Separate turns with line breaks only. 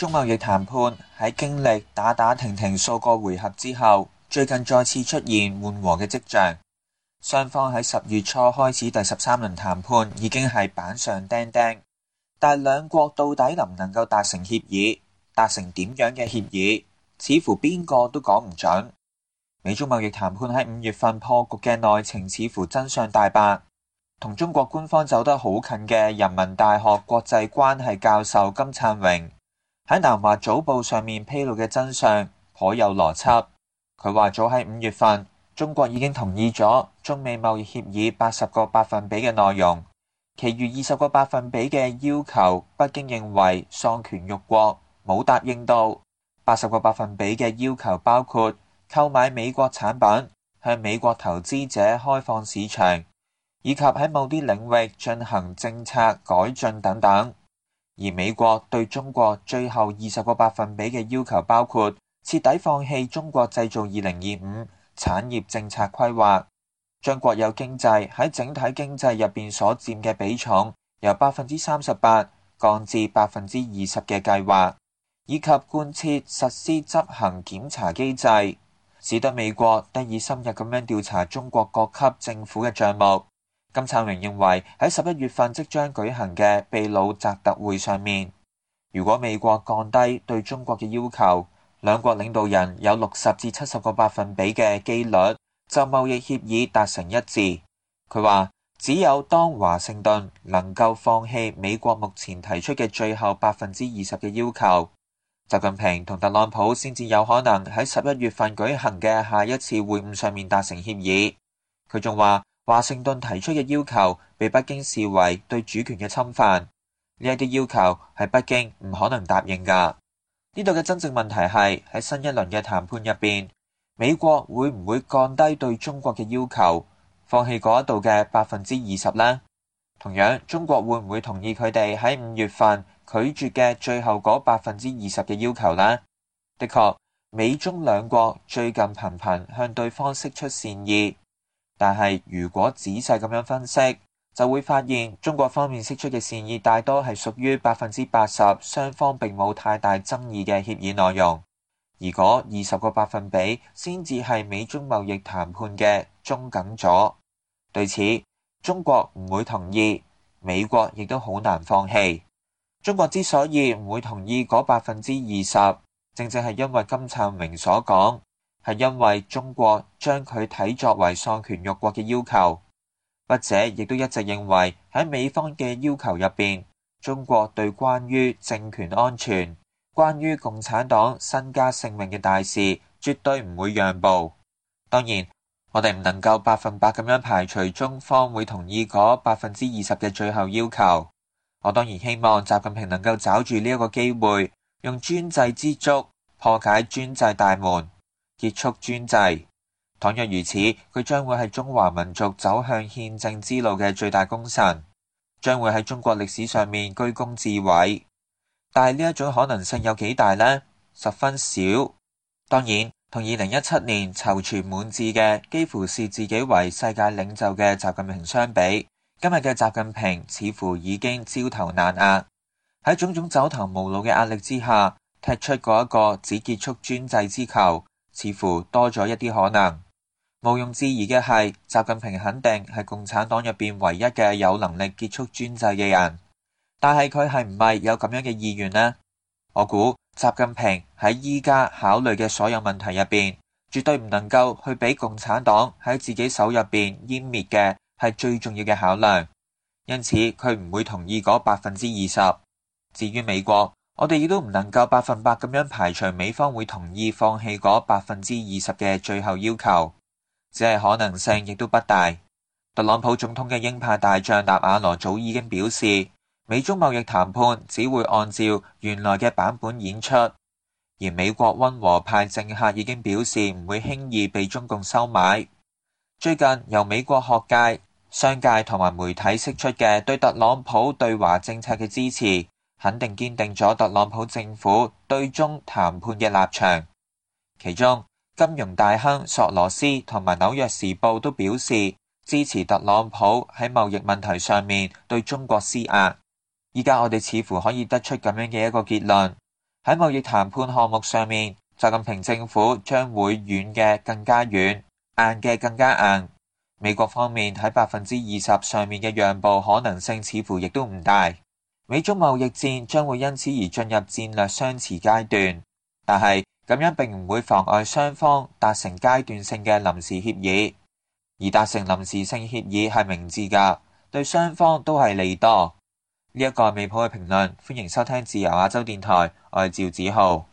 中美貿易談判喺經歷打打停停數個回合之後，最近再次出現緩和嘅跡象。雙方喺十月初開始第十三輪談判，已經係板上釘釘，但兩國到底能唔能夠達成協議，達成點樣嘅協議，似乎邊個都講唔準。美中貿易談判喺五月份破局嘅內情，似乎真相大白。同中國官方走得好近嘅人民大學國際關係教授金燦榮。喺南華早報上面披露嘅真相頗邏輯，頗有邏輯。佢話早喺五月份，中國已經同意咗中美貿易協議八十個百分比嘅內容，其餘二十個百分比嘅要求，北京認為喪權辱國，冇答應到。八十個百分比嘅要求包括購買美國產品、向美國投資者開放市場，以及喺某啲領域進行政策改進等等。而美國對中國最後二十個百分比嘅要求，包括徹底放棄《中國製造二零二五產業政策規劃》，將國有經濟喺整體經濟入邊所佔嘅比重由百分之三十八降至百分之二十嘅計劃，以及貫徹實施執行檢查機制，使得美國得以深入咁樣調查中國各級政府嘅帳目。金燦榮認為喺十一月份即將舉行嘅秘魯澤特會上面，如果美國降低對中國嘅要求，兩國領導人有六十至七十個百分比嘅機率就貿易協議達成一致。佢話，只有當華盛頓能夠放棄美國目前提出嘅最後百分之二十嘅要求，習近平同特朗普先至有可能喺十一月份舉行嘅下一次會晤上面達成協議。佢仲話：華盛頓提出嘅要求被北京視為對主權嘅侵犯，呢一啲要求係北京唔可能答應噶。呢度嘅真正問題係喺新一輪嘅談判入邊，美國會唔會降低對中國嘅要求，放棄嗰一度嘅百分之二十呢？同樣，中國會唔會同意佢哋喺五月份拒絕嘅最後嗰百分之二十嘅要求呢？的確，美中兩國最近頻頻向對方釋出善意。但係，如果仔細咁樣分析，就會發現中國方面釋出嘅善意大多係屬於百分之八十，雙方並冇太大爭議嘅協議內容。而嗰二十個百分比先至係美中貿易談判嘅中梗阻。對此，中國唔會同意，美國亦都好難放棄。中國之所以唔會同意嗰百分之二十，正正係因為金燦榮所講。係因為中國將佢睇作為喪權辱國嘅要求，筆者亦都一直認為喺美方嘅要求入邊，中國對關於政權安全、關於共產黨身家性命嘅大事，絕對唔會讓步。當然，我哋唔能夠百分百咁樣排除中方會同意嗰百分之二十嘅最後要求。我當然希望習近平能夠找住呢一個機會，用專制之足破解專制大門。結束專制，倘若如此，佢將會係中華民族走向憲政之路嘅最大功臣，將會喺中國歷史上面居功至偉。但係呢一種可能性有幾大呢？十分少。當然，同二零一七年躊躇滿志嘅，幾乎視自己為世界領袖嘅習近平相比，今日嘅習近平似乎已經焦頭爛額，喺種種走投無路嘅壓力之下，踢出嗰一個隻結束專制之球。似乎多咗一啲可能，毋庸置疑嘅係，習近平肯定係共產黨入邊唯一嘅有能力結束專制嘅人，但係佢係唔係有咁樣嘅意願呢？我估習近平喺依家考慮嘅所有問題入邊，絕對唔能夠去俾共產黨喺自己手入邊湮滅嘅，係最重要嘅考量，因此佢唔會同意嗰百分之二十。至於美國。我哋亦都唔能夠百分百咁樣排除美方會同意放棄嗰百分之二十嘅最後要求，只係可能性亦都不大。特朗普總統嘅鷹派大將納瓦羅早已經表示，美中貿易談判只會按照原來嘅版本演出，而美國溫和派政客已經表示唔會輕易被中共收買。最近由美國學界、商界同埋媒體釋出嘅對特朗普對華政策嘅支持。肯定堅定咗特朗普政府對中談判嘅立場，其中金融大亨索羅斯同埋紐約時報都表示支持特朗普喺貿易問題上面對中國施壓。依家我哋似乎可以得出咁樣嘅一個結論，喺貿易談判項目上面，習近平政府將會軟嘅更加軟，硬嘅更加硬。美國方面喺百分之二十上面嘅讓步可能性似乎亦都唔大。美中貿易戰將會因此而進入戰略相持階段，但係咁樣並唔會妨礙雙方達成階段性嘅臨時協議。而達成臨時性協議係明智㗎，對雙方都係利多。呢、這、一個未普嘅評論，歡迎收聽自由亞洲電台，我係趙子豪。